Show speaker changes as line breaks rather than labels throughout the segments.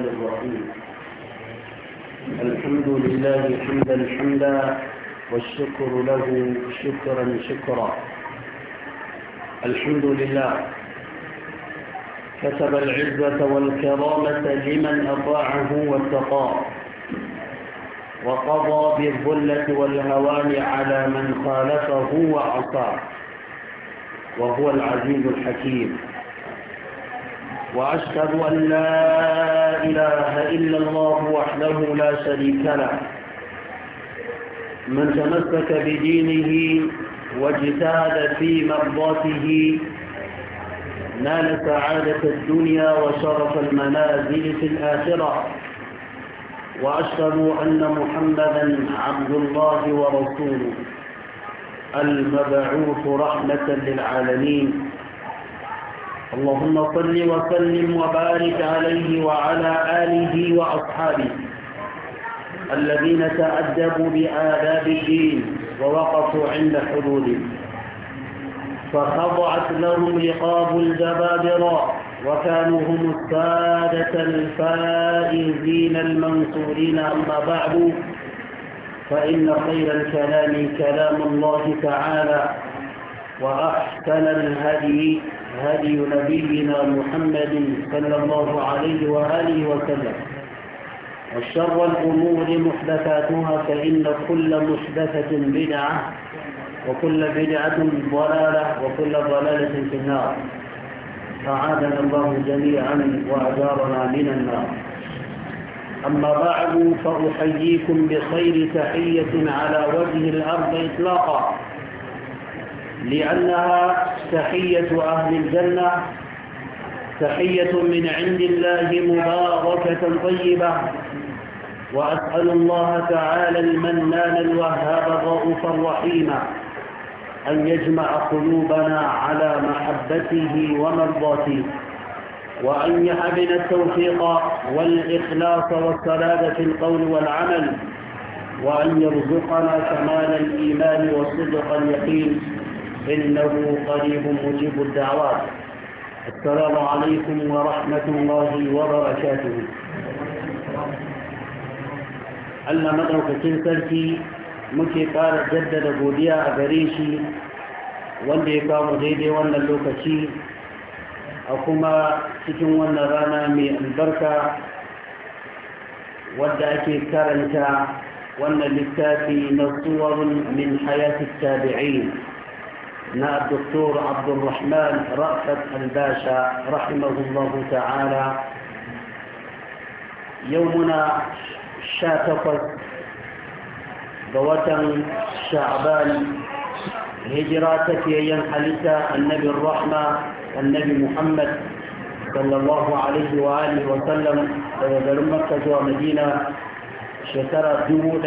الرحمن الرحيم الحمد لله حمدا حمدا والشكر له شكرا شكرا الحمد لله كتب العزة والكرامة لمن أطاعه واتقاه وقضى بالذلة والهوان على من خالفه وعصاه وهو العزيز الحكيم وأشهد أن لا إله إلا الله وحده لا شريك له
من تمسك
بدينه واجتهد في مرضاته نال سعادة الدنيا وشرف المنازل في الآخرة وأشهد أن محمدا عبد الله ورسوله المبعوث رحمة للعالمين اللهم صل وسلم وبارك عليه وعلى آله وأصحابه الذين تأدبوا بآداب الدين ووقفوا عند حدوده فخضعت لهم رقاب الجبابرة وكانوا هم السادة الفائزين المنصورين أما بعد فإن خير الكلام كلام الله تعالى وأحسن الهدي هدي نبينا محمد صلى الله عليه وآله وسلم وشر الأمور محدثاتها فإن كل محدثة بدعة وكل بدعة ضلالة وكل ضلالة في النار فعادنا الله جميعا وأجارنا من النار أما بعد فأحييكم بخير تحية على وجه الأرض إطلاقا لأنها تحية أهل الجنة تحية من عند الله مباركة طيبة وأسأل الله تعالى المنان الوهاب الرؤوف الرحيم أن يجمع قلوبنا على محبته ومرضاته وأن يحبنا التوفيق والإخلاص والسلادة في القول والعمل وأن يرزقنا كمال الإيمان وصدق اليقين إنه قريب مجيب الدعوات السلام عليكم ورحمة الله وبركاته ألا مدعوك سلسلتي مكي قال جدد بوديا أبريشي واندي قام زيدي وانا اللوكشي أكما سكن وانا رانا من البركة ودعكي كارنتا وانا لكافي نصور من حياة التابعين مع الدكتور عبد الرحمن رأفت الباشا رحمه الله تعالى يومنا شاتفت بوتن شعبان هجراتك ينحلت النبي الرحمة النبي محمد صلى الله عليه وآله وسلم وذلمك مكة مدينة شكرا دمو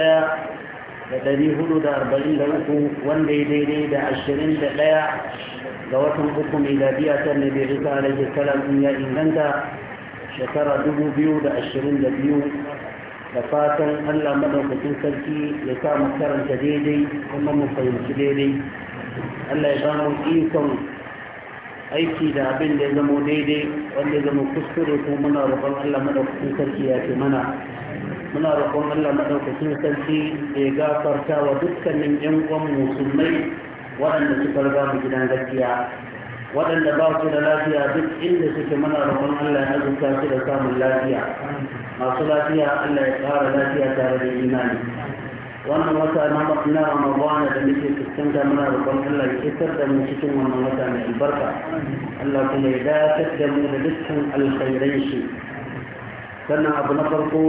da ɗari hudu da arba'in da uku wanda ya daidai da ashirin da ɗaya ga watan uku miladiya ta nabi isa alaihi salam in ya inganta shekara dubu biyu da ashirin da biyu da fatan allah maɗaukakin sarki ya sa mu karanta daidai kuma mu fahimci daidai allah ya ba mu ikon aiki da abin da ya zamo daidai wanda ya zamo kuskure ko muna roƙon allah maɗaukakin sarki ya ce mana muna roƙon Allah madaukakin sarki ya gafarta wa dukkanin yan uwan musulmai waɗanda suka riga mu gidan gaskiya waɗanda ba su da lafiya duk inda suke muna roƙon Allah ya azurta su da samun lafiya masu lafiya Allah ya ƙara lafiya tare da imani wannan wata na ramadana da muke fuskanta muna roƙon Allah ya isar da mu cikin wannan wata mai albarka Allah kuma ya dakatar da mu da dukkan alkhairai shi sannan abu na farko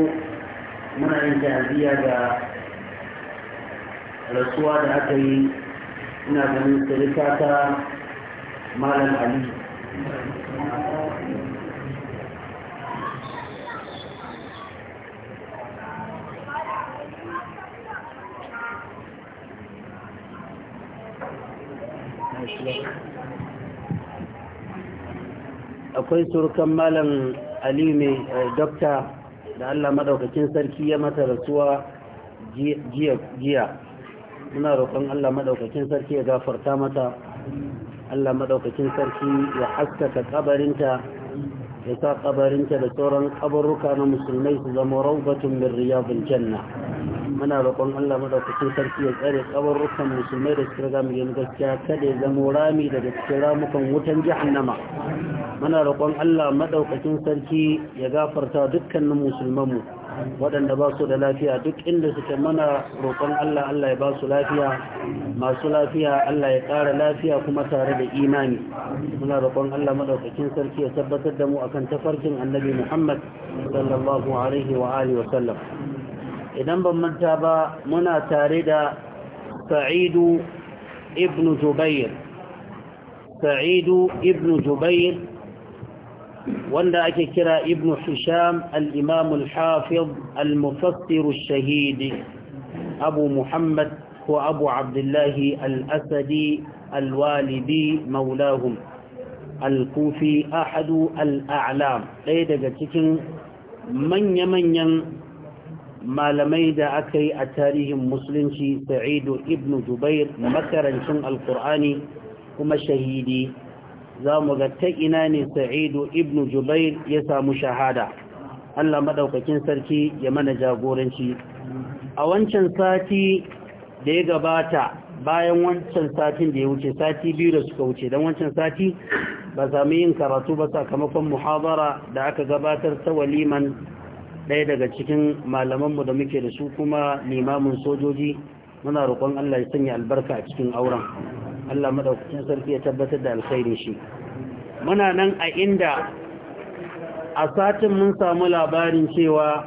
muna yin ta'aziyya da rasuwa da aka yi ina ganin sirika ta malam ali akwai surukan malam ali mai eh, dokta da Allah madaukakin sarki ya mata rasuwa jiya muna roƙon Allah madaukakin sarki ya gafarta mata Allah madaukakin sarki ya haskaka kabarinta ya sa kabarinta da sauran kabarruka na musulmai su zama raubatun min riyadul janna muna roƙon Allah maɗaukacin sarki ya tsare kabarrukan musulmai da suka gami yin gaskiya kada ya zama rami daga cikin ramukan wutan jahannama muna roƙon Allah madaukakin sarki ya gafarta dukkanin musulmanmu waɗanda ba su da lafiya duk inda suke mana roƙon Allah Allah ya ba su lafiya masu lafiya Allah ya ƙara lafiya kuma tare da imani muna roƙon Allah madaukakin sarki ya tabbatar da mu akan tafarkin annabi Muhammad sallallahu alaihi wa alihi wa sallam idan ban manta ba muna tare da Sa'idu ibn Zubair. Sa'idu ibn Jubair wanda ake kira ibn hisham al-imam al-hafiz al-mufassir shahid abu muhammad ko abu abdullahi al-asadi al-walidi maulahum al-kufi ahadu al-a'lam ɗaya daga cikin manya-manyan malamai da aka yi a tarihin musulunci sa'idu ibn jubair makarancin alkur'ani kuma shahidi za mu ga ta ina ne sa'idu ibn jubair ya samu shahada Allah madaukakin sarki ya mana jagoranci a wancan sati da ya gabata bayan wancan satin da ya wuce sati biyu da suka wuce don wancan sati ba samu yin karatu ba sakamakon muhabara da aka gabatar ta waliman ɗaya daga cikin malamanmu da muke da su kuma limamin sojoji muna roƙon Allah ya sanya albarka a cikin auren Allah madaukakin sarki ya tabbatar da alkhairin shi muna nan a inda a satin mun samu labarin cewa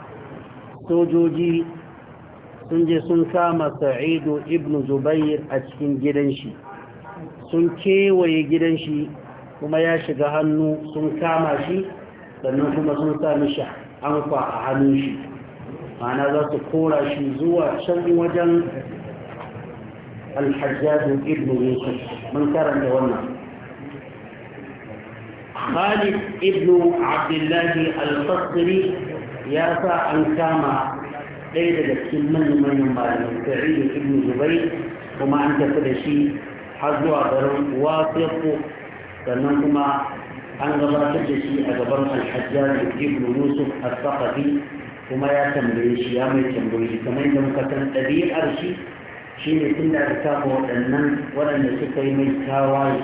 sojoji sun je sun kama sa'idu ibn zubair a cikin gidan shi sun kewaye gidan shi kuma ya shiga hannu sun kama shi sannan kuma sun sami shi an a hannun shi ma'ana za su kora shi zuwa can wajen الحجاج ابن يوسف من كان تولى خالد ابن عبد الله القصري يرفع عن كاما ليلة لكن من من يمبالي سعيد ابن جبيل وما أنت فلشي حظ عبر واثق فنهما أن الله تجسي أجبر الحجاج ابن يوسف الثقفي وما يتم ليشي يامي تمويجي كما أبي أرشي shi ne tun da aka kama waɗannan waɗanda suka yi mai tawaye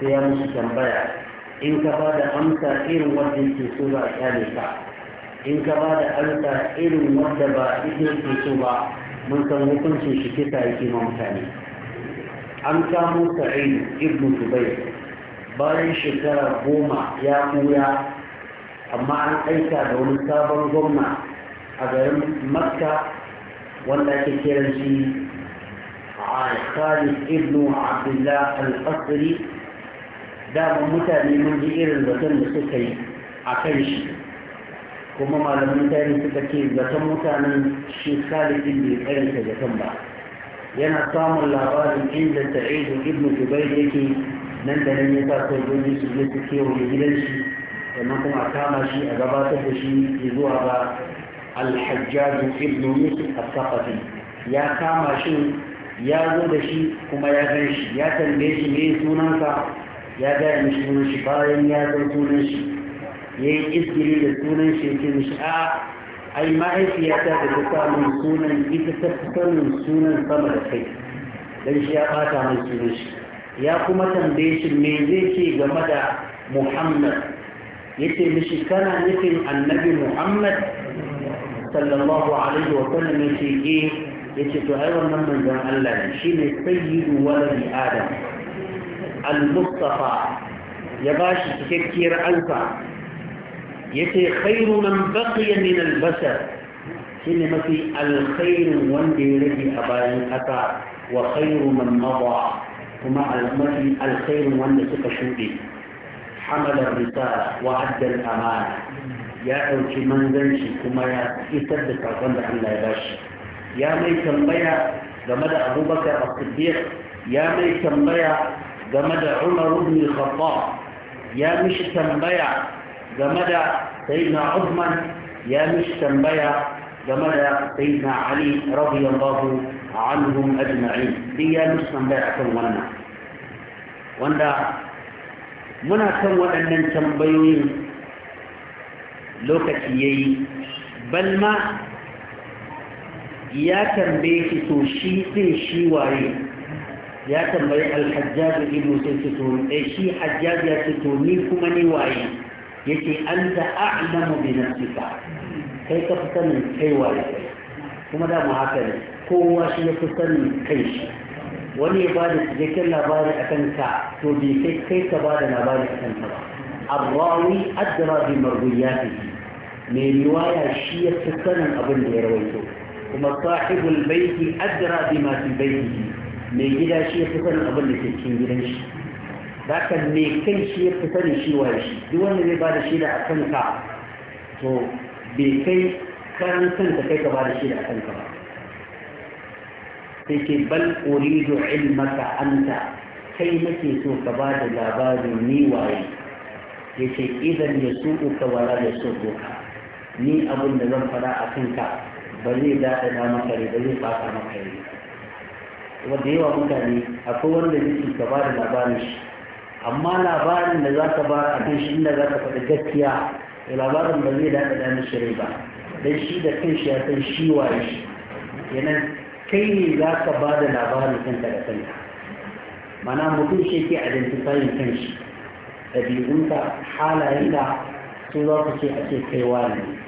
sai ya musu tambaya in ka ba da amsa irin wadda ke so ba a kyale ka in ka ba da amsa irin wadda ba ita ke so ba mun san hukuncin shi kisa yake ma mutane an kamo sa'id ibn zubair bayan shekara goma ya ɓuya amma an aika da wani sabon gwamna a garin makka wanda ake kiran shi آه، خالد ابن عبد الله القصري دام متابي من جئر البطن سكي عكيش كما ما لم يتاني سكي البطن متابي من شيخ خالد ابن عيسى جتنبا ينا صام الله قال عند سعيد ابن جبيرك من دلن يتاسو جوني سجلسكي ويجلنشي ومنكم أكامشي أدباته شي يزوها الحجاج ابن مصر الثقفي يا كامشي ya zo da shi kuma ya gan shi ya tambaye shi ne sunansa ya gaya mishi sunan shi bayan ya san sunan shi ya yi iskiri da sunan shi ya mishi a ai ma'aikiyata da ta samun sunan ita ta sanin sunan sama da kai Dan shi ya ɓata mai sunan shi ya kuma tambaye shi me zai ce game da muhammad ya ce mishi kana nufin annabi muhammad sallallahu alaihi wa sallam ya ce eh yake to ai wannan manzan Allah ne shine sayyidu waladi adam al-mustafa ya bashi cikakkiyar alfa yace khairu man baqiya min albasar shine mafi alkhairin wanda ya rage a bayan kasa wa khairu man kuma mafi alkhairin wanda suka shuɗe hamalar risala wa addal amana ya ɗauki manzanci kuma ya isar da saƙon da Allah ya bashi يا مي تنبيا جمد أبو بكر الصديق يا مي تنبيا جمد عمر بن الخطاب يا مش تنبيا جمد سيدنا عثمان يا مش تنبيا جمد سيدنا علي رضي الله عنهم أجمعين دي يا مش تنبيا تنبيا وندا muna kan waɗannan tambayoyin lokaci ya yi balma ya tambaye shi to shi din shi waye ya tambayi alhajjaj ibn sai to eh shi hajjaj ya ce to ni kuma ni waye yace anta a'lamu bi nafsika kai ka fi sanin kai waye kuma da mu haka ne kowa shi ya fi sanin kai shi wani ya bada cikakken labari a kanka to bai kai kai ka bada labari a kanka ba arrawi addara bi marwiyatihi mai riwaya shi ya fi sanin abin da ya rawaito kuma sahibul baiti adra bima fi baitihi mai gida shi ya sanin abin da ke cikin gidan shi zaka me kai shi ya fi sanin shi waye shi duk wanda zai bada shi da akan ka to bai kai karan kanka kai ka bada shi da akan ka ba sai ke bal uridu ilmaka anta kai nake so ka ba da labarin ni waye yace idan yasu'uka wala yasu'uka ni abin da zan fara a kanka. ba zai daɗa da maka ne ba zai maka ne wanda yawa mutane akwai wanda yake ka ba da labarin shi amma labarin da za ka ba a kan shi inda za ka faɗi gaskiya labarin ba zai daɗa na mishi ba dan shi da kan shi ya san shi waye shi kenan kai ne za ka ba da labarin kanka da kanka mana mutum shi ke identifying kan shi ɗabi'unka halayenka su za ku ce a ce kai wani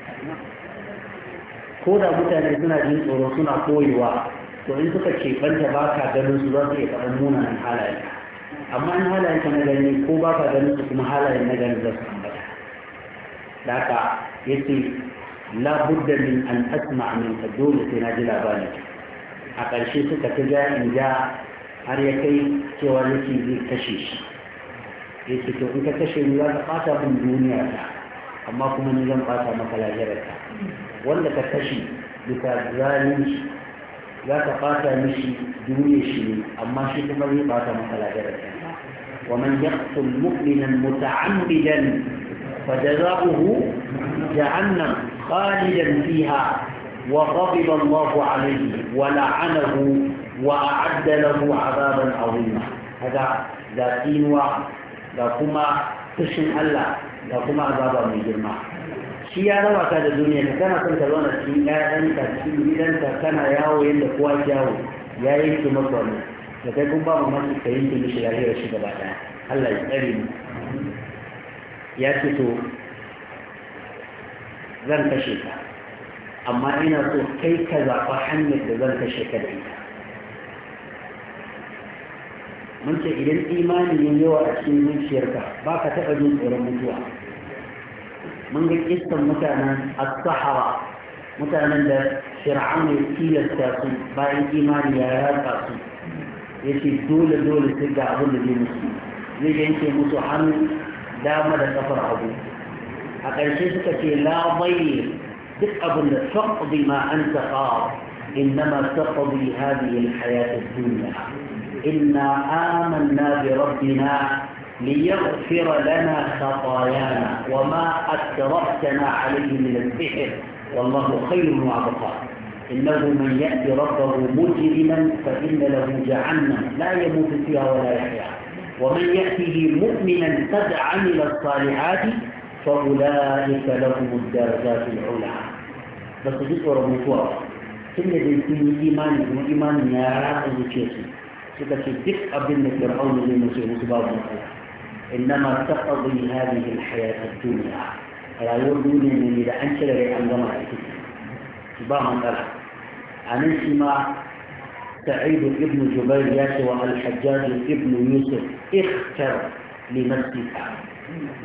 ko da mutane suna jin tsoro suna koyewa to in suka ce banta ba ka ganin su za su iya faɗin munanan halaye amma in halaye ka na gani ko ba ka ganin su kuma halayen na gani za su ambata da haka ya ce labudda min an asma min ka dole sai na ji labari a ƙarshe suka ta ja in ja har ya kai cewa yake zai kashe shi ya ce to in ka kashe ni za ka ɓata min duniya amma kuma ni zan ɓata maka lahirarta ولا تكشي بتزاليش لا تقاتل مشي دوني شي أما شي كمالي قاتل مثلا ومن يقتل مؤمنا متعمدا فجزاؤه جهنم خالدا فيها وغضب الله عليه ولعنه وأعد له عذابا عظيما هذا ذاتين ga kuma fushin Allah ga kuma azaba mai girma shi ya raba ta da duniya ka tana son ka zauna cikin ƴaƴanka cikin gidanka kana yawo yadda kowa yawo ya yanke maka wani da kai kun ba mu masu ka yanke mishi lahirar shi gaba ɗaya Allah ya tsare mu ya ce to zan kashe ka amma ina so kai ka zaɓa hanyar da zan kashe ka da ita mun ce idan imani ya yawa a cikin zuciyarka ba ka taɓa jin tsoron mutuwa mun ga kistan mutanen as-sahara mutanen da fir'aun ya tilasta su bayan imani ya ratsa su ya ce dole dole sai ga abin da zai musu zai yanke musu hannu dama da kafar hagu a ƙarshe suka ce la bayi duk abin da taqdi ma anta qad innama taqdi hadhihi al-hayat ad-dunya إنا آمنا بربنا ليغفر لنا خطايانا وما أكرهتنا عليه من السحر والله خير وأبقى إنه من يأتي ربه مجرما فإن له جهنم لا يموت فيها ولا يحيا ومن يأته مؤمنا قد عمل الصالحات فأولئك لهم الدرجات العلى بس جسر رب سنة الإيمان الإيمان إيمان وإيمان يا رب كده ce duk abin da fir'auna zai mace إنما تقضي هذه الحياة الدنيا لا يردون من إذا أنت لدي أنظمة سبحان الله عن اسمع سعيد ابن جبير ياسر الحجاج ابن يوسف اختر لنفسك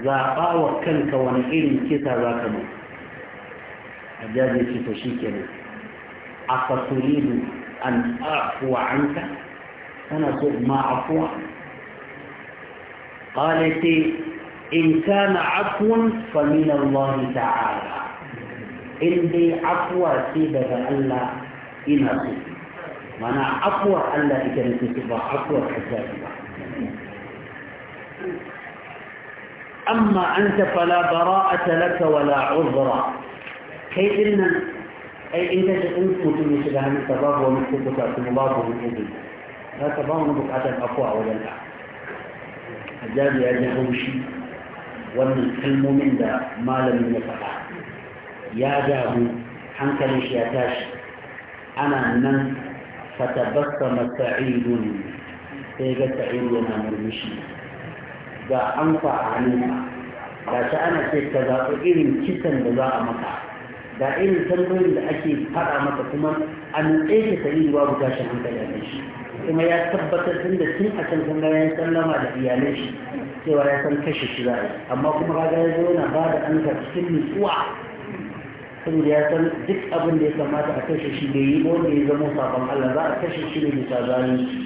ذاقا وكلك ونئين كتا ذاك مو حجاج يوسف شيكا أفتريد أن أعفو عنك أنا أقول ما عفوا قالت إن كان عفو فمن الله تعالى إن دي عفو سيدة الله إنا سوء معنى عفوا ألا إذا نتسبة عفوا حسابة أما أنت فلا براءة لك ولا عذر كيف إن أي إنت تقول كنت مشبهة من تباب ومكتبك أتباب ومكتبك za ka ba mu bukatar afuwa a wajen ka hajjabi ya ji haushi wannan kalmomin da malamin ya faɗa ya damu hankalin shi ya tashi ana nan fatabasta masa'idun sai ga sa'idu yana murmushi ga an fa a hannunka ga shi ana ce ka zaɓi irin kisan da za a maka ga irin tambayoyin da ake faɗa maka kuma an nutse ka sa'idu babu tashin hankali a shi kuma ya tabbatar tun da tun a can kuma ya sallama da iyalai shi cewa ya san kashe shi za'a amma kuma kaga ya zo yana ba da amsa cikin nutsuwa saboda ya san duk abin da ya kamata a kashe shi da yi wanda ya zama sabon Allah za a kashe shi ne bisa zalunci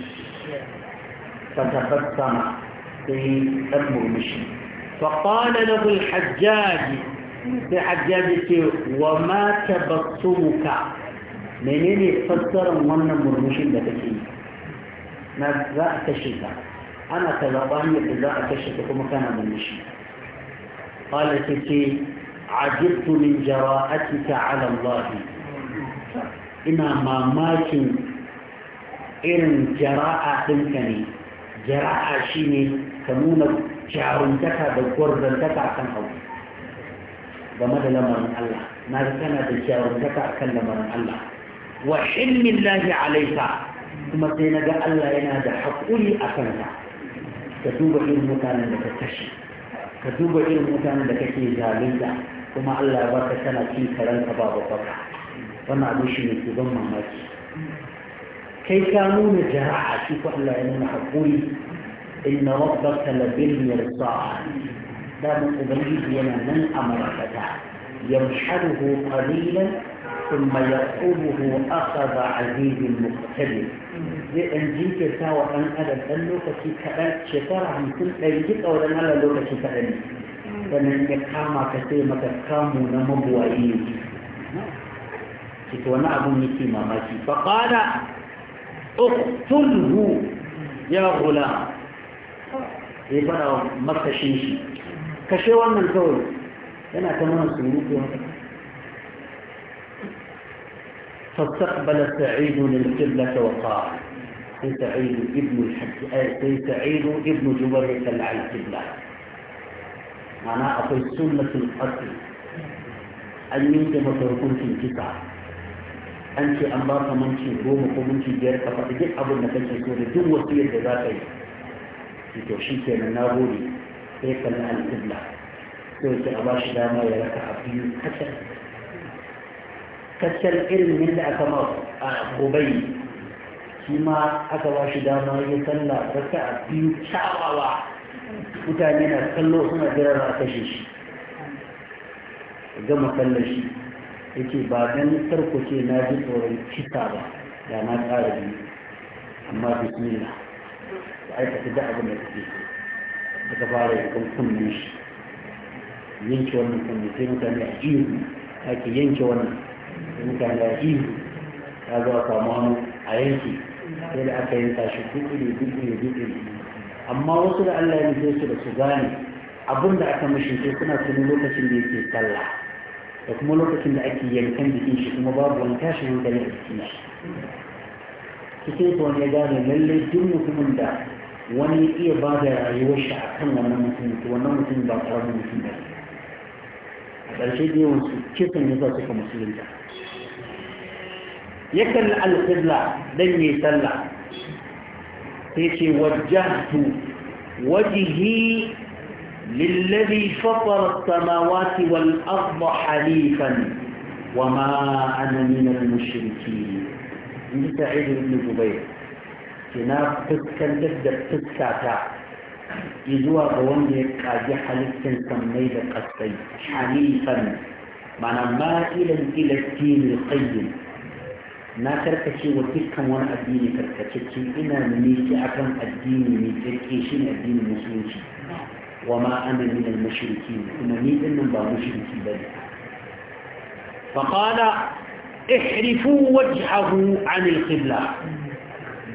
ka tabbat sama sai dan murmushi فقال له الحجاج في حجاج وما تبصمك menene fassarar wannan murmushin da kake yi ما لا أكشفها أنا تلقاني لا أكشفكم مكانا من المشي قال تكي عجبت من جراءتك على الله إنا ما ماكن إن جراءة تنكني جراءة شيني كمونة جارون تكا بالقربان تكا كان حول بمدى لمر الله ما كان بالجارون تكا كان لمر الله وحلم الله عليك kuma sai naga Allah yana da haƙuri a kanta ka duba irin mutanen da ka kashe ka duba irin mutanen da kake zalunta kuma Allah ya baka tana cin karanka ba ba baka wannan abin shi ne ku ban mamaki kai ka nuna jara'a shi ko Allah ya nuna haƙuri inna rabbaka labil mirsa da mun ubangiji yana nan a marakata yamsharuhu qalilan ثم يقوله أخذ عزيز مختلف لان جيت كساوة أن أدى فلو كي كأت شفار عن كل اي جيت أو لن ألا لوك كي فمن يقام كثير تقام نمب وإيه كتو أنا أبو ماشي فقال اقتله يا غلام إيه بقى ما تشيشي كشي وانا نتوي أنا كمان سنوكي فاستقبل سعيد القبلة وقال سعيد ابن الحج أي سعيد ابن جبر طلع القبلة معناها أقول سنة القتل أن يمكن متركون في الكتاب أنت أن باك منشي رومك ومنشي جارك أبو النفسي سوري دون وصية ذاتي في توشيك من نابولي هيك لنا القبلة سوري أباش داما يا لك عبدي حتى kaccen irin yadda aka ma a gobai shi ma aka ba shi dama ya salla ta a biyu kyawawa mutane na kallo suna jira a kashe shi gama sallar shi Ya ce ba dan tarkoce na ji tsoron cika ba da na tsara biyu amma bismillah da aikata da abin da kake daga fara kan kunne shi yanke wannan kunne sai mutane a jihu ake yanke wannan mutane a ihu ya zo a samu a yanki sai da aka yanka shi dukiri dukiri dukiri amma wasu da Allah ya nufe su da su gane abin da aka mashi sai suna tuno lokacin da yake talla, da kuma lokacin da ake yankan jikin shi kuma babu wani tashin hankali a jikin shi cikin su wani ya gane lallai duk mutumin da wani iya ba da rayuwar shi a kan wannan mutum to wannan mutum ba ƙaramin mutum ba a ƙarshe da yawan su kisan ya suka musulunta yakan alƙibla don yi sallah sai ce wajahtu wajihi lillazi fatara samawati wal arda halifan wa ma ana min al mushriki in sa'id ibn jubayr kina fuskantar da fuskata zuwa ga wanda ya kaji halittar sammai da kasai halifan mana ma'ilan ila dinin qayyim na karkace wa dukkan wani addini karkacecce ina miki akan addini mai tsirke shi ne addinin musulunci wa ma ana min al mushriki kuma ni din nan ba mushriki bane fa qala ihrifu wajhahu an al qibla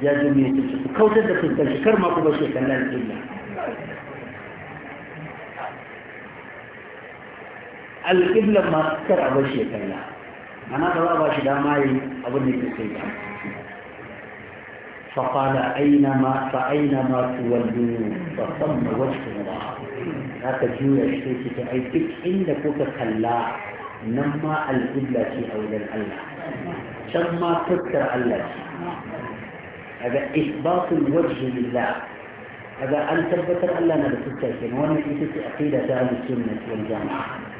jazu ne ku kautar da fuskar shi kar ma ku bashi kallon qibla al qibla ma kar a bashi kallon ana da ba shi dama yi abin da ke sai ba faƙala aina ma fa aina ma tuwallu fa samma wajhu Allah haka juya shi ke ta ai duk inda kuka kalla nan ma al'ibla ce a wajen Allah can ma fuskar Allah ce daga isbatul wajhi lillah daga an tabbatar Allah na da fuskar kenan wannan ita ce aqida ta ahlus sunnah wal jama'a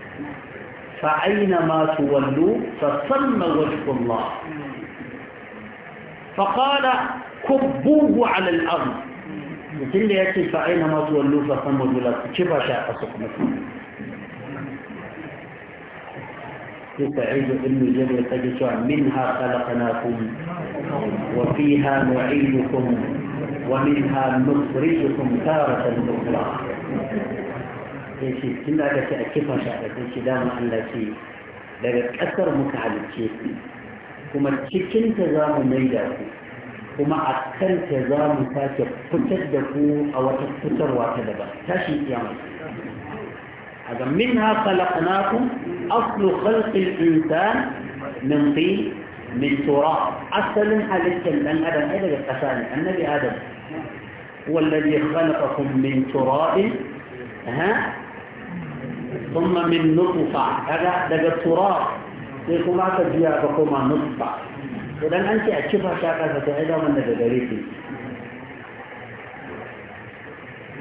فأينما تولوا فثم وجه الله فقال كبوه على الأرض مثل يأتي فأينما تولوا فثم وجه الله كيف شاء سكمكم
يتعيد بن
جبل قد منها خلقناكم وفيها نعيدكم ومنها نخرجكم تارة أخرى sai ce tun da aka ce a kifa shi a sai ce dama Allah ce daga ƙasar muka halicce ku kuma cikin ta za mu mai da ku kuma a kan ta za mu sake fitar da ku a wata fitarwa ta daban tashi kiyama هذا منها خلقناكم أصل خلق الإنسان من طين من تراب أصل حدث لأن آدم إذا قتال النبي آدم هو الذي خلقكم من تراب ها ثم من نطفة هذا دقى التراب ليكم ما تجيها فكما نطفة إذا أنت أتشفها شاكا فتعيدها من ندريتي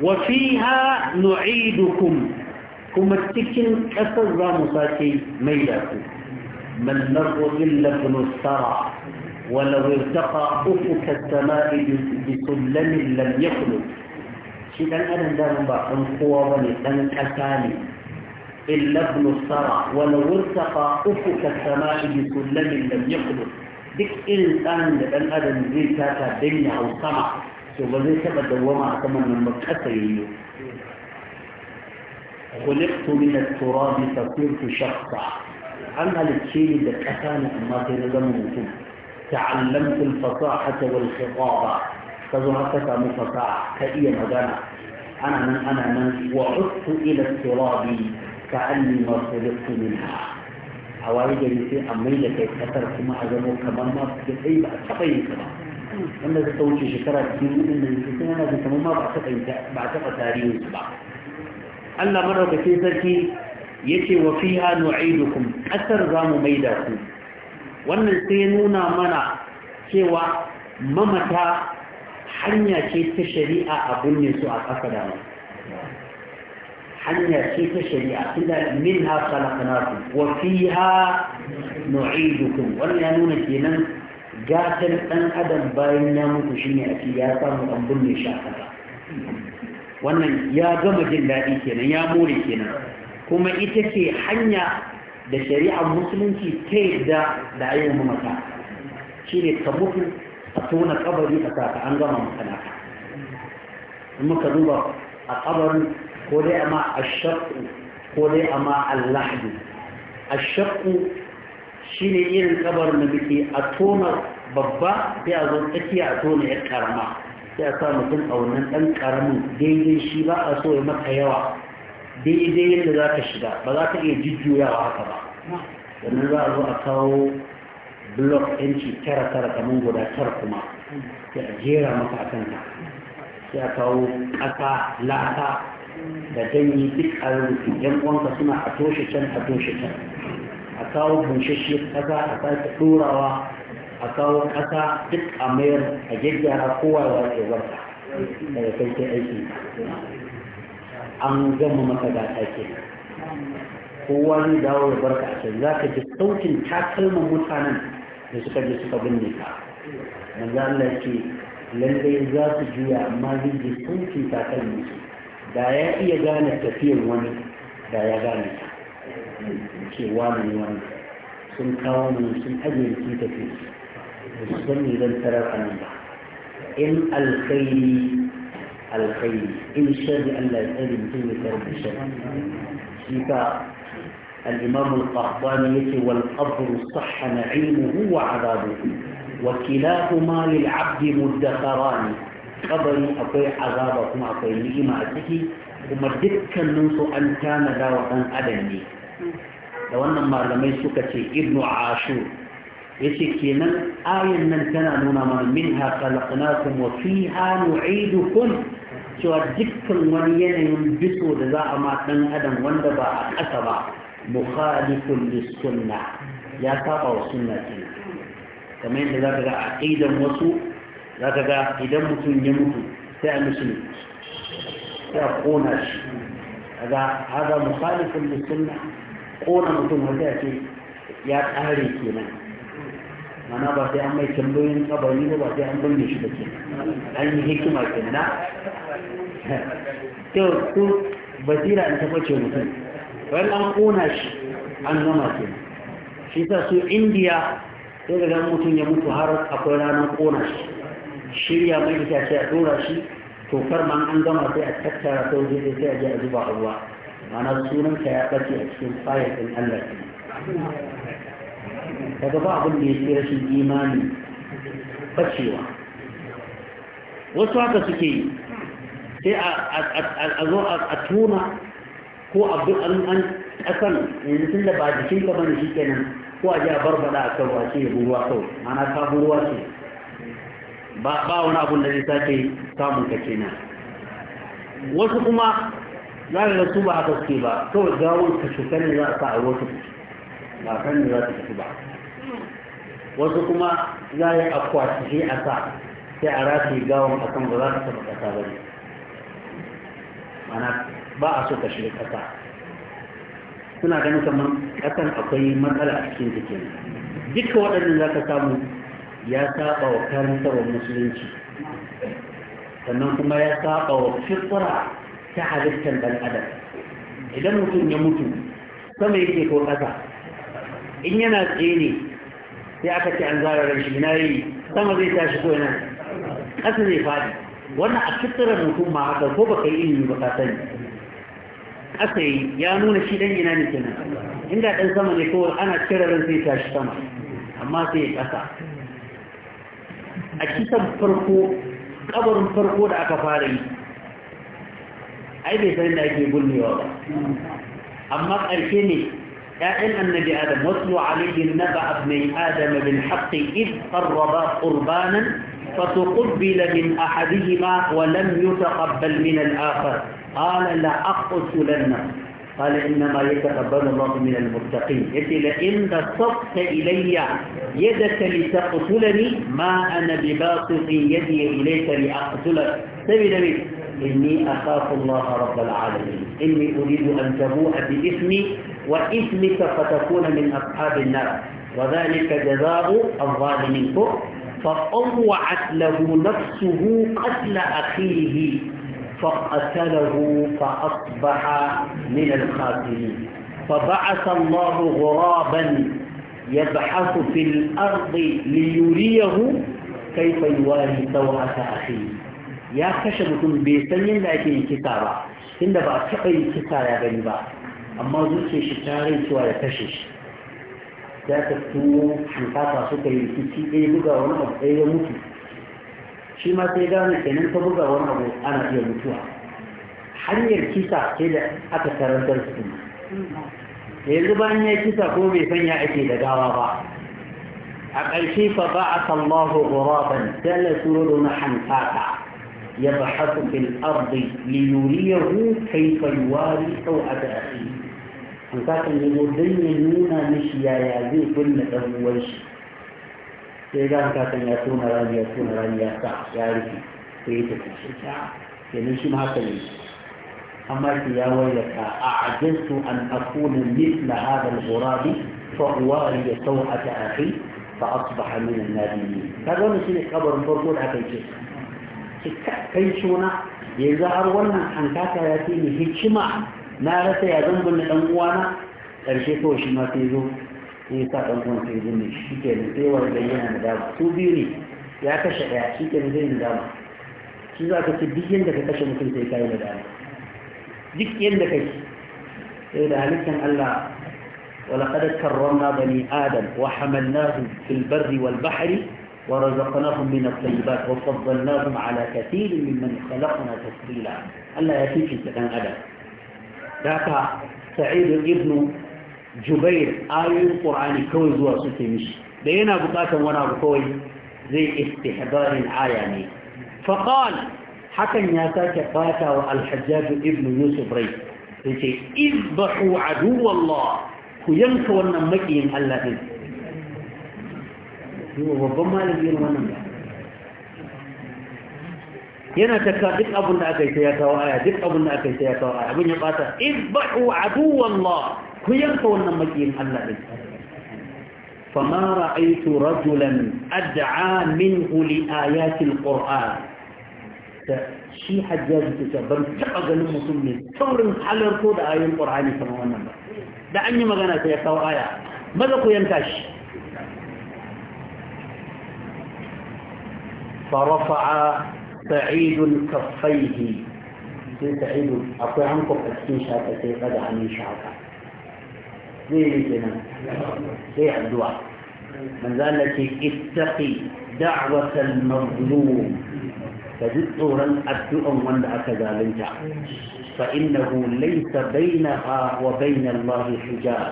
وفيها نعيدكم كما تكن كسر مساكي ميلاكم من نرغ إلا السرع ولو ارتقى أفك السماء بسلم لم يخلق شيئا أنا دائما بقى ba dan kowa إلا ابن السرى ولو ارتقى أفك السماء بكل من لم يقدر ديك الآن لأن أدم زي كاتا دنيا أو سما شو بزي سبا دوما أتمنى مكتا يليو خلقت من التراب فصرت شخصا أنا للشيء دك أتانا ما تنظمتم تعلمت الفصاحة والخطابة فزهرتك مفصاح كأي مدانا أنا من أنا من وعدت إلى التراب ka anni ma khalaqtu minha a wani gari sai a mai da kai kasar kuma a zama kamar ma ba a taɓa yin ba wanda suka wuce shekara cikin hudun da yake sun yana kamar ma ba a taɓa ba a taɓa tarihin su ba Allah madaukake sarki yace wa fiha zamu maida ku wannan sai nuna mana cewa mamata hanya ce ta shari'a a binne su a ƙasa حنا كيف شريعة منها خلقناكم وفيها نعيدكم ولأنونا كينا قاتل أن أدب بايننا مكشيني أكياتا مؤمبني شاكتا وأن يا قمج اللائي كينا يا مولي كينا كما إتكي حنا da shari'a musulunci ta yadda da ayyu mamata shine tabbuku a tona kabari a ta an gama mutana ko dai amma ashaqqu ko dai amma allahdu ashaku shine irin kabar da muke a tona babba sai a zo tsakiya a tona ya karama sai a sa mutum a wannan dan karamin daidai shi ba a so ya maka yawa daidai yadda za ka shiga ba za ka iya jujjuyawa haka ba
sannan za a zo a
kawo blok inci tara tara kamar guda tara kuma sai a jera maka a kanka sai a kawo ƙasa lata da ganye duk a rufi yan uwanka suna a toshe can a toshe can a kawo bunshashiyar ƙasa a sake ɗorawa a kawo ƙasa duk a mayar a gyaggyara kowa ya ke zarta daga kai kai aiki an gama maka da ake kowa ne dawo ya barka a can za ka ji sautin takalman mutanen da suka je suka binne ka manzo Allah ce lallai za su juya amma zai ji sautin takalmin su دا یا ای گانه تفیر ونی دا یا گانه سن قوانی سن اجر کی تفیر سنی دن ترا قنبا ان الخیر الخیر ان شد اللہ ازاری مطلب ترد شد شیطا الامام القحطانی یتی والقبر صح نعيمه وعذابه وكلاهما للعبد مدخران kabari akwai azaba kuma akwai ni'ima a ciki kuma dukkanin su an tanada wa adam ne da wannan malamai suka ce ibnu ashu yace kenan ayan nan tana nuna mana minha khalaqnakum wa fiha nu'idukum cewa dukkan wani yanayin biso da za a ma dan adam wanda ba a ƙasa ba mukhalifun lis ya saba wa sunna kenan kamar yadda za ka ga aqidan wasu za ka ga idan mutum ya mutu sai a mishi sai a kona shi kaga haza mukhalifin musulma kona mutum wanda ya ce ya ƙare kenan mana ba sai an mai tambayoyin kabari ba sai an binne shi da ke an yi hikima kenan to ku basira in tafa mutum bayan an kona shi an gama kenan shi sa su indiya sai ga mutum ya mutu har akwai ranar kona shi shirya mai ita a dora shi to ma an gama sai a tattara ta waje sai a je a zuba a ruwa sunan ka ya ɓace a cikin fayar ɗin Allah daga ba abin da ya fi rashin imani bacewa wasu haka suke yi sai a zo a tuna ko abin an kasan yanzu tun da ba jikin ka bane shi kenan ko a ji a barbada a kan wace ya ruwa kawai mana ka ruwa ce ba wani abun da zai sake samun ka kenan wasu kuma za ka ga su ba haka suke ba kawai gawon ka shuka ne za a sa a wasu ba kan ne za ta tafi ba wasu kuma za a yi akwati shi a sa sai a rafi gawon a kan ba za ta taɓa ƙasa ba ne mana ba a so ka shiga ƙasa suna ganin kamar kasan akwai matsala a cikin jikin dukkan waɗannan za ka samu ya saba wa karantarwar musulunci sannan kuma ya saba wa fitra ta halittar dan adam idan mutum ya mutu sama yake ko ƙasa in yana tsaye ne sai aka ce an zara ran shi na yi sama zai tashi ko yana ƙasa zai faɗi wannan a fitarar mutum ma haka ko baka yi ilimi ba ka sani ƙasa yi ya nuna shi dan ina ne kenan inda ɗan sama ne kowai ana kira ran zai tashi sama amma sai ya ƙasa a kisan farko kabarin farko da aka fara yi ai bai san da ake gulmewa ba amma ƙarshe ne ‘ya'yan annabi adam wasu aliyin na ba'ab mai adam bin haƙƙi iz ƙarraba ƙurbanan فتقبل من أحدهما ولم يتقبل من الآخر قال لأقتلنه قال إنما يتقبل الله من المتقين يتي لئن بسطت إلي يدك لتقتلني ما أنا بباسط يدي إليك لأقتلك سبيل منه إني أخاف الله رب العالمين إني أريد أن تبوء بإثمي وإثمك فتكون من أصحاب النار وذلك جزاء الظالمين فأوعت له نفسه قتل أخيه فقتله فأصبح من الخاسرين فبعث الله غرابا يبحث في الأرض ليريه كيف يواري سوعة أخيه يا كن بيسنين لكن كتابة إن إيه بقى تقي كتابة غريبة amma zuciyar shi ta rai سوى ya ذات shi za سوى tuwo إيه suka yi إيه shi ma sai gane kenan ta buga wani abu ana iya mutuwa hanyar kisa ce da aka karantar su yanzu bayan ya kisa ko bai sanya ake da gawa ba a ƙarshe fa ba a sallahu ghuraban dalla sururun hankaka يبحث في الأرض ليريه كيف يواري سوءة أخيه وكان يقول دين نونا مشيا يا ذي كل تهويش sai za ka san ya tona rami ya tona rami ya sa ya rufe sai ya tafi shi kenan shi haka ne amma ki ya wayyaka a ajinsu an akuna mithla hada al-ghurabi fa uwari sawata akhi fa asbaha min an Ta kaga wannan shine kabarin farko da aka yi ki kai shuna yanzu har wannan hankaka ya ce ni hikima na rasa ya zan bin dan uwana karshe kawai shi ma sai zo sai ya sa ɗan uwan sai zai shi ke nan sai wanda yana da dama su biyu ne ya kashe ɗaya shi ke zai da dama shi za ka ce duk yadda ka kashe mutum sai ka yi da dama duk yadda ka yi sai da halittar Allah ولقد كرمنا بني آدم وحملناهم في البر والبحر ورزقناهم من الطيبات وفضلناهم على كثير ممن خلقنا تفضيلا ألا يتيك السكن أدم ذاك سعيد ابن jubair ayoyin qur'ani kawai zuwa suke mishi da yana bukatan wani abu kawai zai istihbarin aya ne faqal hakan ya sake fata wa al ibn yusuf rai yace izbahu aduwallah ku yanka wannan Allah babban malami wannan ba yana taka duk abin da aka yi ta ya kawo aya duk abin da aka yi ya kawo aya abin ya bata izbahu aduwallah ku yanka wannan makiyin Allah din fama ra'aitu rajulan ad'a minhu li ayatil qur'an ta shi hajjaji ta ban taba ganin mutum ne saurin halar ko da ayoyin qur'ani kamar wannan ba da an yi magana sai ya kawo aya maza ku yanka shi فرفع سعيد كفيه سعيد أقول عنكم أكسين شاكا سيقضى عن شاكا zai yi kenan sai addu'a manzo Allah ce ittaqi da'watal mazlum ka ji tsoron addu'an wanda aka zalunta fa innahu laysa bainaha wa bain Allah hijab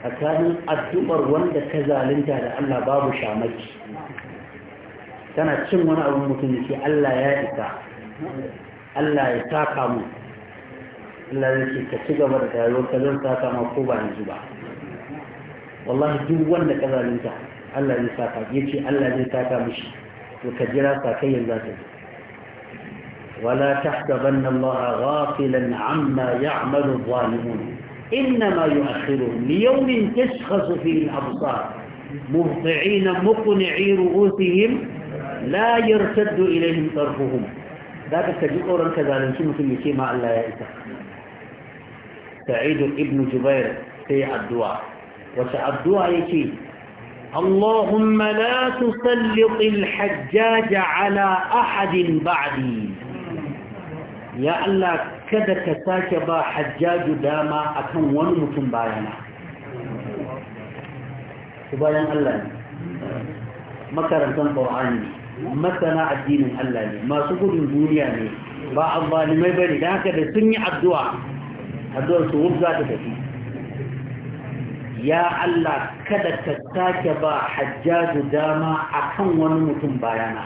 tsakanin addu'ar wanda ka zalunta da Allah babu shamaki tana cin wani abin mutum da ke Allah ya isa Allah ya taka mu Allah zai ce ka ci gaba da rayuwar ka zan saka ma ko ba yanzu ba wallahi duk wanda ka zalunta Allah zai saka yace Allah zai saka mishi to ka jira sakayyan za ta zo ولا تحسبن الله غافلا عما يعمل الظالمون إنما يؤخرهم ليوم تشخص فيه الأبصار مهطعين مقنعي رؤوسهم لا يرتد إليهم طرفهم ذاك تجد أورا كذلك شنو في مع الله يأتي سعيد ابن جبير في الدعاء وتعدوا يكي اللهم لا تسلط الحجاج على أحد بعدي يا الله كذا كساكبا حجاج داما أكن ونمتن بايانا سبحان الله makarantar ƙorani masana addinin Allah ne masu gudun duniya ne ba a zalimai bane da haka da sun yi addu'a addu'ar su wuf za ta tafi ya Allah kada ka sake ba hajjaju dama akan wani mutum bayana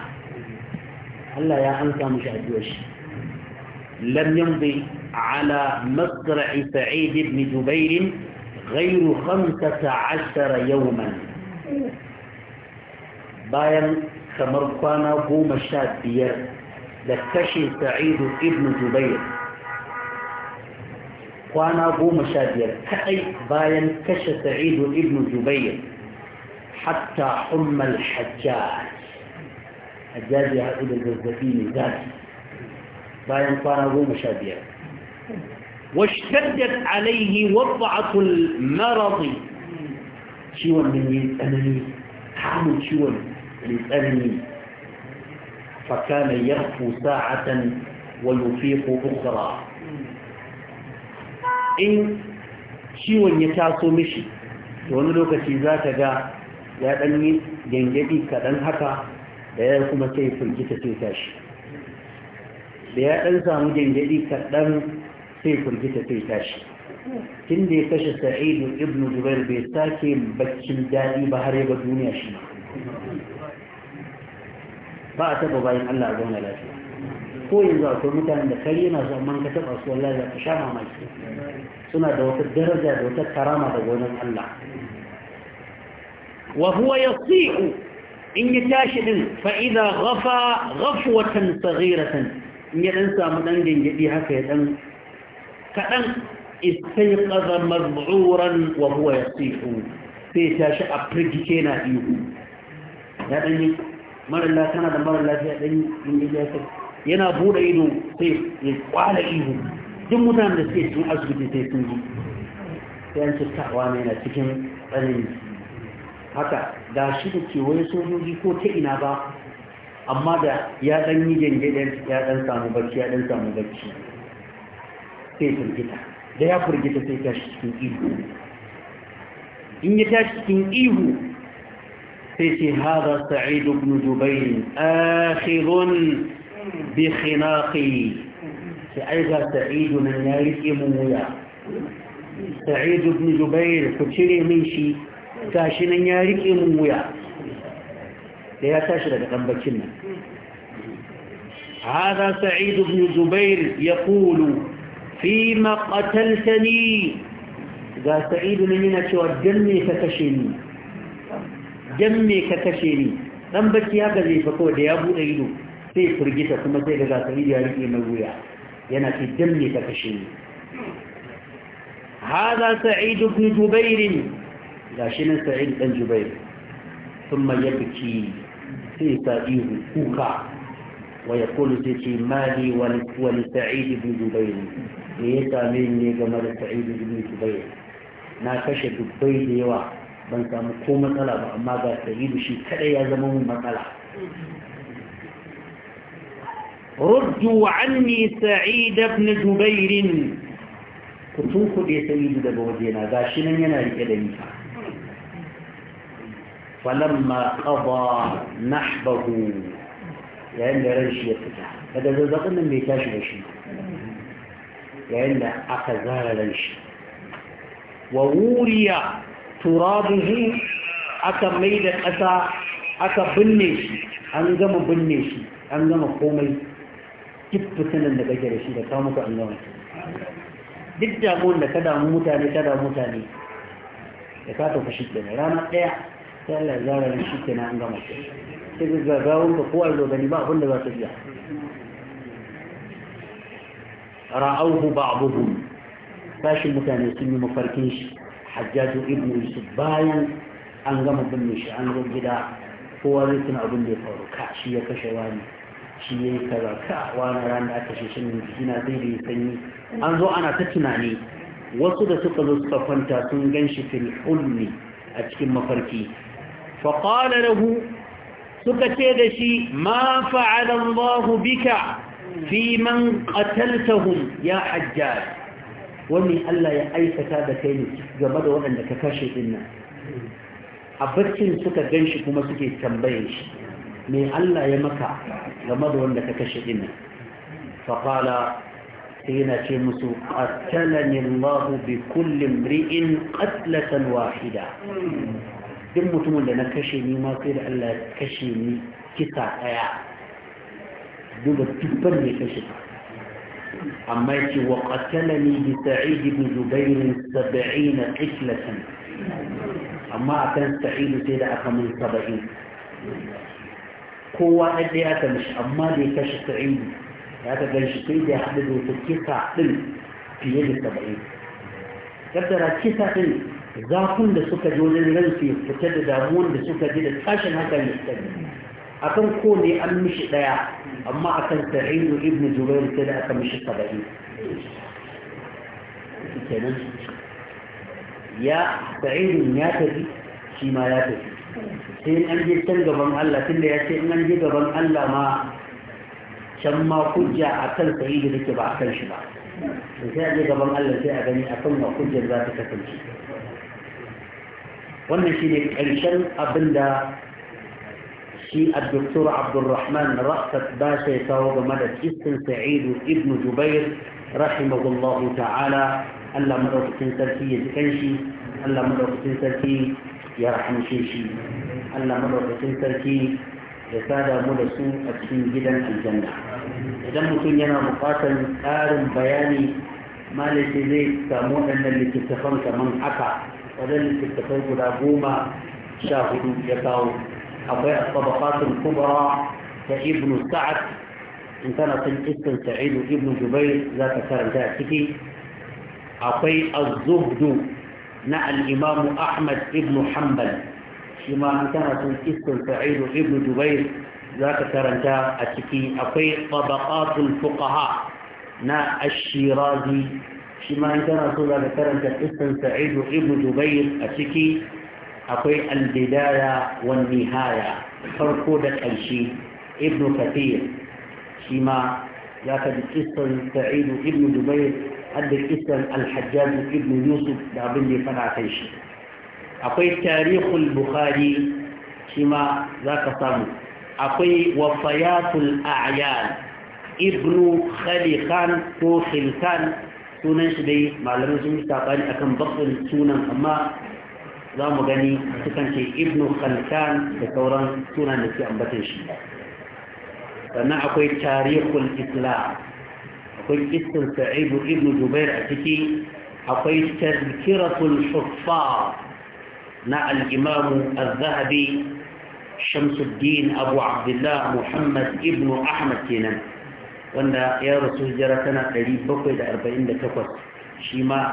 Allah ya amsa mishi addu'ar shi lam yamdi ala masra'i sa'id ibn jubair غير خمسة عشر يوما bayan kamar kwana goma sha biyar da kashe sa'idu ibn jubair كوانا بو مشاديات كأي باين كش سعيد ابن جبير حتى حم الحجاج حجاج يا عبد الزبين ذات باين كوانا بو مشاديات واشتدت عليه وضعة المرض شو من يسألني حام شو من يسألني فكان يغفو ساعة ويفيق أخرى in ciwon ya taso mishi da wani lokaci za ta ga ya ɗan yi gyangyaɗi kaɗan haka da ya kuma sai ta sai tashi da ya ɗan samu gyangyaɗi kaɗan sai ta sai tashi tun da ya kashe sa'idu ibn zubar bai sake baccin daɗi ba har yaba duniya shi ba a taɓa bayan allah a zauna lafiya ko yanzu akwai mutanen da kare yana su amma ka taɓa su wallahi za ka sha mamaki suna da wata daraja da wata karama da wajen Allah wa huwa yasi'u in ya tashi din fa idza ghafa ghafwatan saghiratan in ya dan samu dan gingidi haka ya dan kadan istayqaza mad'uran wa huwa yasi'u sai tashi a firgice na ihu ya dan yi mara lafiya da mara lafiya dan gingidi haka yana bude ido sai ya kwala ihu duk mutanen da suke cikin asibiti sai sun ji sai an ci kawa ne yana cikin tsanani haka da shi da ke wani sojoji ko ta ina ba amma da ya dan yi dan ya dan samu bacci ya dan samu bacci sai firgita da ya firgita sai tashi cikin ihu in ya tashi cikin ihu sai ce haza sa'id ibn jubair akhirun بخناقي سعيد سعيد من يارك مويا سعيد بن جبير كتشري من كاشن كاشي من مويا يا تشرك قنبتشنا هذا سعيد بن جبير يقول فيما قتلتني قال سعيد من شوى دمي ككشني دمي ككشني dan bacci haka zai fako da ya buɗe sai firgita kuma sai ga gasari ya rike mai wuya yana ce dan ne ta kashe ni hada sa'id ibn jubair shi nan sa'id dan jubair ثم يبكي في سعيد كوكا sa'id ibn مالي ولسعيد ya same ni game da sa'id ibn جبير na kashe dubbai da yawa ban samu ko matsala ba amma ga sa'idu shi kada ya zama mun matsala رجوا عني سعيد بن جبير كتوخ دي سعيد دبو دينا غاشنا ينا لك فلما قضى نحبه لأن رجي يتكا هذا زي ذاقنا من بيتاش لشي لأن أخذار لشي ووريا ترابه أتى ميلة أتى أتى بنيشي أنجم بنيشي أنجم قومي duk fitinan da kake da shi da kawo muku annabi duk damuwan da ka damu mutane ka damu mutane da ka tafi shi kenan rana ɗaya sai Allah ya zara ni shi kenan an gama shi sai ga gagawun ka kowa zo gani ba abin da za ta biya ra'auhu ba'dhum sashin mutane sun yi mafarkin shi hajjaju ibn yusuf bayan an gama binne shi an zo gida kowa zai tuna abin da ya faru ka shi ya kashe wani shi yayi kaza ka wani ran da aka shi shin na, zai yi sanyi an zo ana ta tunani wasu da suka zo suka kwanta sun gan shi fil ulmi a cikin mafarki fa qala lahu suka ce da shi ma fa'ala Allah bika fi man qataltahum ya hajjaj wani Allah ya aikata da kai ne game da waɗanda ka kashe din nan a barcin suka gan shi kuma suke tambaye shi me Allah ya maka game da wanda ka kashe din faqala yana ce musu qatalani Allah bi kulli imri'in qatlatan wahida duk mutumin da na kashe ni ma sai da Allah ya kashe ni kisa daya duba dubban ne kashe amma yake wa qatalani bi sa'id ibn zubair 70 qitlatan amma akan sa'id sai da aka mun 70 kowa ɗaɗɗe aka mishi amma da ya kashe sa'idu ya ka gan shi sai da haɗu da wata kisa ɗin fiye da saba'in kaddara kisa ɗin zafin da suka ji wajen ransu ya fita da damuwan da suka ji da tashin hakan da suka ji a kan ko ne an mishi ɗaya amma a kan sa'idu ibn jubairu sai da aka mishi saba'in kenan ya sa'idun ya tafi shi ma ya tafi
sai
an je can gaban Allah tunda ya ce in an je gaban Allah ma can ma hujja a kan sahihi da ba a kan shi ba to sai a je gaban Allah sai a gani a kan ma hujjar za ta kasance wannan shi ne ƙarshen abin da shi a doktor abdulrahman ba sai kawo game da kistin sa'idu ibn jubair rahimahullahu ta'ala Allah madaukakin sarki ya ji kanshi Allah madaukakin sarki يا يرحم شيشي مرة في تركي يسادة مدسو أكسين جدا الجنة إذا ممكن ينا مقاتل آل بياني ما ليش زي سامو أن اللي تتخن من حقا وذل اللي تتخن كلا بوما شاهدوا يتاو أبيع الطبقات الكبرى كابن سعد إن كان في سعيد ابن جبير ذات كارتاتيكي أعطي الزهد na al'imamu ahmad ibn hanbal shi ma an kana sun iskun sa'idu ibn dubair za ka karanta a ciki akwai tabaqatul fuƙaha na ashirazi shi ma an kana so za ka karanta iskun sa'idu ibn dubair a ciki akwai albidaya wan nihaya farko da ƙarshe ibn kathir shi ma za ka ji iskun sa'idu ibn dubair hadda kisan alhajjaji ibn yusuf da abin da ya kan kai shi akwai tarihul bukhari shi ma za ka samu akwai wafayatul a'yan ibnu khalikan ko khilkan sunan shi dai malamin sun yi sabani akan bakon sunan amma za mu gani sukan ce ibnu khalikan da sauran sunan da ke ambatan shi sannan akwai tarihul islam كل اسم سعيد ابن جبير أتكي أقول تذكرة الحفار نع الإمام الذهبي شمس الدين أبو عبد الله محمد ابن أحمد كينا وأن يا رسول جرتنا قريب بقيد أربعين كفر شما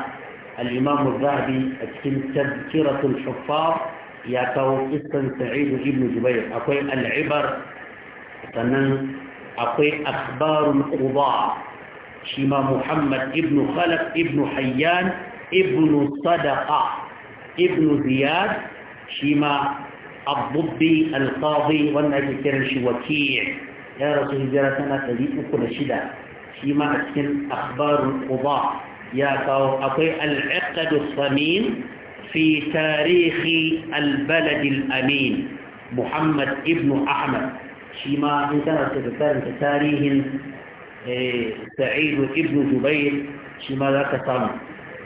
الإمام الذهبي أتكي تذكرة الحفار يا كو اسم سعيد ابن جبير أقول العبر أقول أخبار الخضار شما محمد ابن خلف ابن حيان ابن صدقة ابن زياد شما الضبي القاضي والنبي كرنش وكيع يا رسول الله سنة تزيد كل شدة شما أسكن أخبار القضاء يا قو أطيع العقد الصميم في تاريخ البلد الأمين محمد ابن أحمد شما إنسان أسكن تاريخ إيه، سعيد ابن جبير شما ذاك سامع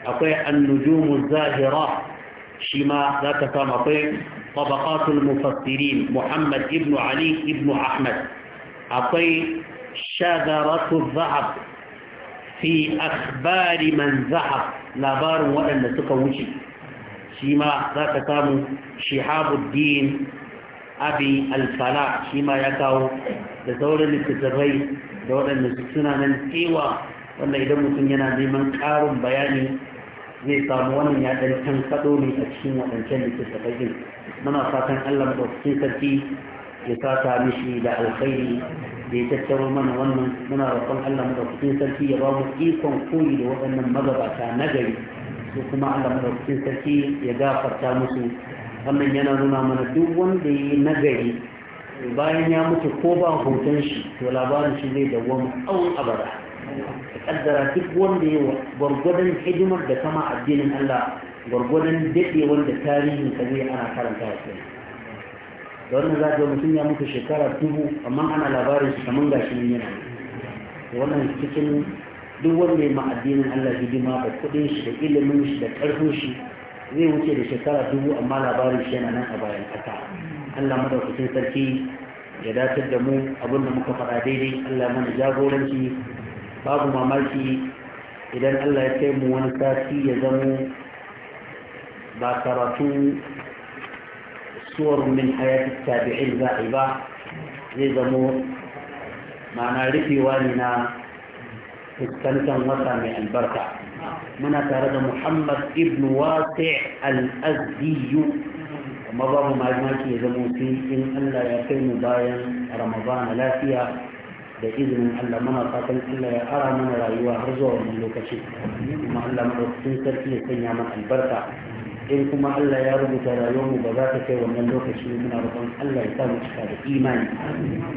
أطيع النجوم الزاهرة شما ذاك سامع أطيع طبقات المفسرين محمد ابن علي ابن أحمد أطيع شذرة الذهب في أخبار من ذهب لابار وأن تكوشي شما ذاك سامع شهاب الدين أبي الفلاح شما يكاو da sauran littattafai da waɗanda suna nan cewa wanda idan mutum yana neman ƙarin bayani zai samu wannan ya ɗan can kaɗo ne a cikin waɗancan littattafai ɗin muna fatan allah maɗaukakin sarki ya sata mishi da alkhairi da ya tattaro mana wannan muna roƙon allah maɗaukakin sarki ya ba mu ikon koyi da waɗannan magabata nagari su kuma allah maɗaukakin sarki ya gafarta musu wannan yana nuna mana duk wanda ya yi nagari bayan ya mutu ko ba hoton shi to labarin shi zai dawwama tsawon abada ka kaddara duk wanda yawa gwargwadon hidimar da kama addinin Allah gwargwadon daɗewar da tarihin ka zai ana karanta a kai da wannan za ga mutum ya mutu shekara dubu amma ana labarin shi kamar gashi ne yana wannan cikin duk wanda ya ma addinin Allah hidima da kuɗin shi da ilimin shi da ƙarfin shi zai wuce da shekara dubu amma labarin shi yana nan a bayan ƙasa Allah madaukakin sarki ya dace da mu abin da muka faɗa daidai Allah mana jagoranci babu mamaki idan Allah ya kai mu wani sati ya zamo ba karatu suwar min hayati tabi'in za a yi ba zai zamo ma'ana rufewa ne na fuskantar wata mai albarka muna tare da muhammad ibn wasi al-azdiyu kuma babu mamaki ya zama fi in Allah ya kai mu bayan Ramadana lafiya
da izinin Allah mana fatan Allah ya ara mana rayuwa har zuwa wannan lokaci kuma Allah
sun sarki ya sanya mana albarka in kuma Allah ya rubuta rayuwarmu ba za ta kai wannan lokaci muna roƙon Allah ya samu cika da imani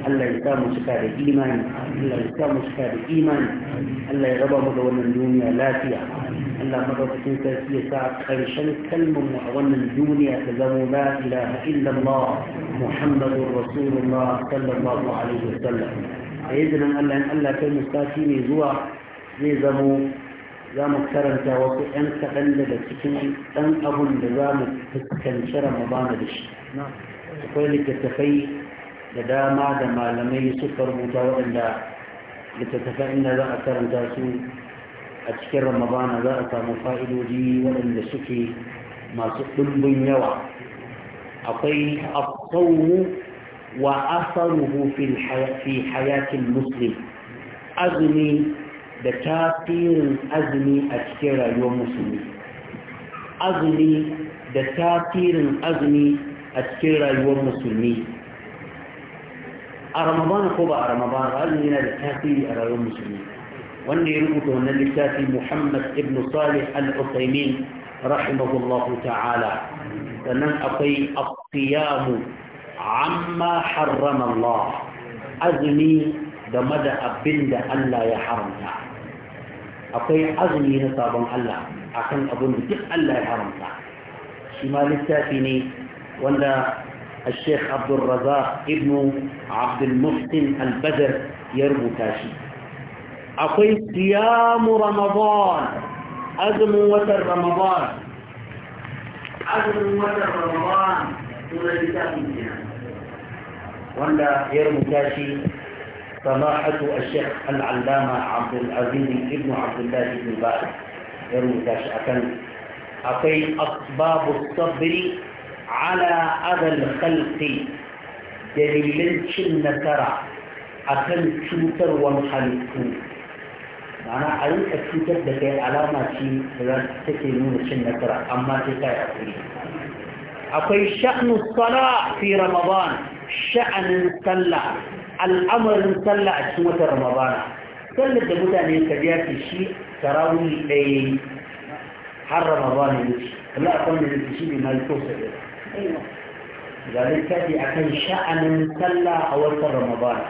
Allah ya samu cika da imani Allah ya samu cika da imani Allah ya raba mu da wannan duniya lafiya Allah madaukakin sarki ya sa ƙarshen kalmar mu a wannan duniya ta zamo la ilaha illallah muhammadur rasulullah sallallahu alaihi wasallam a yanzu nan Allah in Allah kai mu sati mai zuwa zai zamo za mu karanta wasu 'yan kaɗan daga cikin ɗan abun da za mu fuskanci ramadana da shi akwai littattafai da dama da malamai suka rubuta waɗanda littattafai inda za a karanta su a cikin ramadana za a samu fa'idoji waɗanda suke masu ɗumbin yawa akwai afsawu wa asaruhu fi hayatin muslim azumi da tasirin azumi a cikin rayuwar musulmi azumi da tasirin azumi a cikin rayuwar musulmi a ramadan ko ba a ramadan azumi yana da tasiri a rayuwar musulmi wanda ya rubuta wannan littafi muhammad ibn salih al-usaimin rahimahullahu ta'ala sannan akwai asiyamu amma harrama Allah azumi game da abin da Allah ya haramta akwai azumi na sabon Allah akan abin da duk Allah ya haramta shi ma littafi ne wanda الشيخ عبد الرزاق ابن عبد المحسن البدر يربو تاشي أقول صيام رمضان أزم وتر رمضان أزم وتر رمضان سورة كتاب الجنة ولا يربو تاشي سماحة الشيخ العلامة عبد العزيز ابن عبد الله بن باز يروي تاشأكن أقي أسباب الصبر على أذى الخلق دليل شن ترى أكن شوتر ومحلقو معنى أريد التوتر دكي علامة شيء تكي تكلمون شن ترى أما تكي أقولي أقي شأن الصلاة في رمضان شأن الصلاة al'amarin sallah a cikin watan ramadana sallar da mutane ka biya ce shi tarawih ɗaya har ramadana ne ce kalla a kwanan da shi ne na yi kosa da ga littafi a kan sha'anin sallah a watan ramadana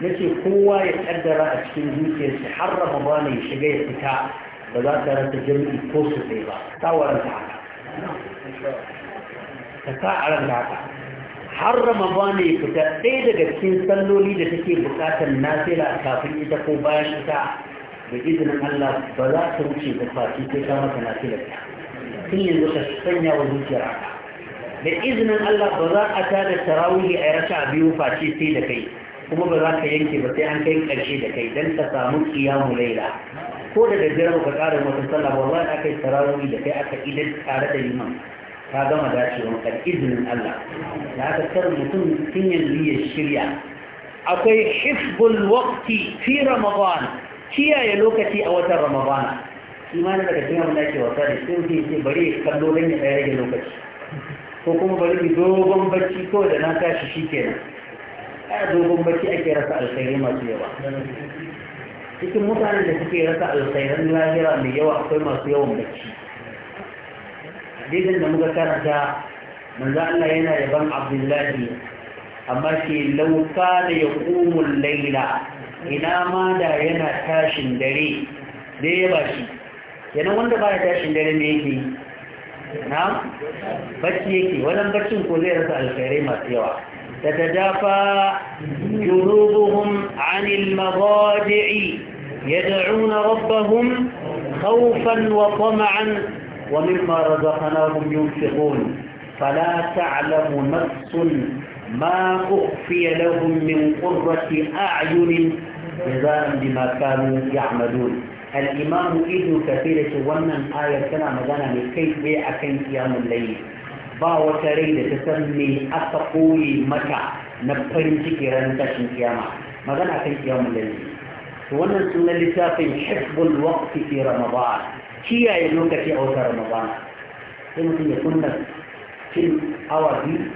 na ce kowa ya ƙaddara a cikin zuciyarsa har ramadana ya shiga ya fita ba za ta rasa jami'i ko su ɗaya ba ta waranta haka ta sa a ranta haka har ramadan ya fita ɗaya daga cikin salloli da take bukatar nafila kafin ita ko bayan ita da izinin Allah ba za ta wuce ta faci sai ta maka nafila tun yanzu ka sanya wa zuciyar da izinin Allah ba za a da tarawihi a raka biyu faci sai da kai kuma ba za ka yanke ba sai an kai ƙarshe da kai don ka samu kiyamu laila ko da daddare ba ka ƙara wata sallah wallahi aka kai tarawihi da kai aka idan tare da liman ka gama dacewa ka izinin Allah da aka kar mutum tun yanzu ya shirya akwai hifbul waqti fi ramadan kiyaye lokaci a watan ramadan imanin daga cikin abin da ake wasa da sun ce ce bari kallo don ya tsaya rage lokaci ko kuma bari bi dogon bacci kawai da na tashi shi kenan a dogon bacci ake rasa alkhairai masu yawa cikin mutanen da suke rasa alkhairan lahira mai yawa akwai masu yawan bacci hadisin da muka karanta manzo Allah yana yaban Abdullahi amma ke lauka da ya kumul laila ina ma da yana tashin dare dai ya bashi yana wanda ba ya tashin dare ne yake na bacci yake wannan baccin ko zai rasa alkhairai masu yawa تتجافى جنوبهم عن المضاجع يدعون ربهم خوفا وطمعا ومما رزقناهم ينفقون فلا تعلم نفس ما أخفي لهم من قرة أعين جزاء بما كانوا يعملون الإمام ابن كثير سوانا آية كما مدانا من كيف بيع كي قيام الليل با وترين تسمي أتقوي مكة نبقر شكرا تشن قيامة مدانا كي قيام الليل سوانا سنة لسافي حفظ الوقت في رمضان kiyaye lokaci a wata ramadan sai mutum ya kunna cin awa biyu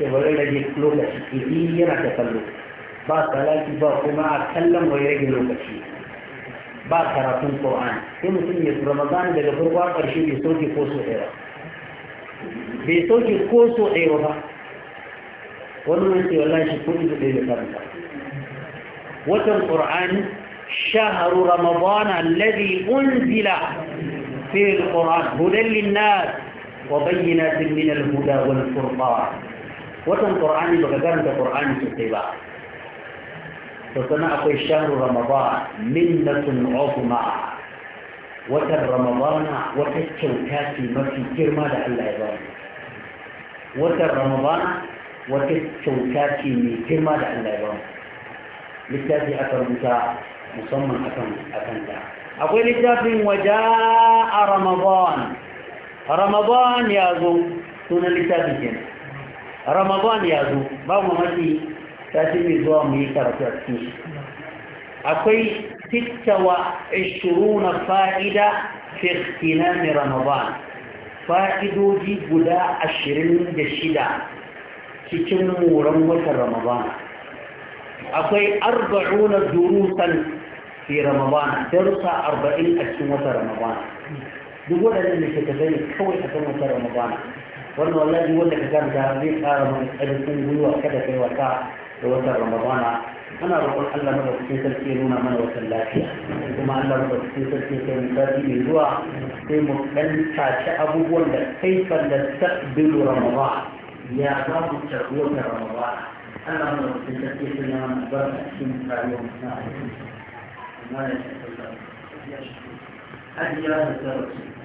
da bari rage lokaci idan yana da kallo ba salati ba kuma a kallon bai rage lokaci ba karatun qur'an sai mutum ya ramadan daga farko a ƙarshe bai soke ko so ɗaya bai soke ko so ɗaya ba wannan ce wallahi shi ko ido ɗaya da karanta watan qur'ani شهر رمضان الذي أنزل في القرآن هدى للناس وبينات من الهدى والفرقان وطن قرآن بغدان قرآني تتبع فسنا في شهر رمضان منة عظمى وتر رمضان وتتشوكاتي ما في جرمى لألا يبارك وتر رمضان ما في جرمى لألا يبارك للتالي أكرمك musamman akan akan akwai littafin waja a ramadan ramadan ya zo sunan littafin kenan ramadan ya zo ba mu mafi tashi mai zuwa mu yi karatu a cikin shi akwai sittawa ishiruna fa'ida fi ikhtinami ramadan fa'idoji guda ashirin da shida cikin moran watan ramadan akwai arba'una durusan في رمضان ترقى أربعين أسنوة رمضان دول أن يتكفي كوي أسنوة رمضان وأن الله يقول لك كان تعريف آرم أدسن بلوة كده في وكاء لوتا رمضان أنا أقول الله مرة في تلكيرون من وصل لك ثم أن الله مرة في تلكيرون تاتي بلوة في مكان أبو ولا كيف نستقبل رمضان يا رب تقوى رمضان أنا مرة في تلكيرون من وسلاتي ما يشكو الله يشكو أهل هذا الدرس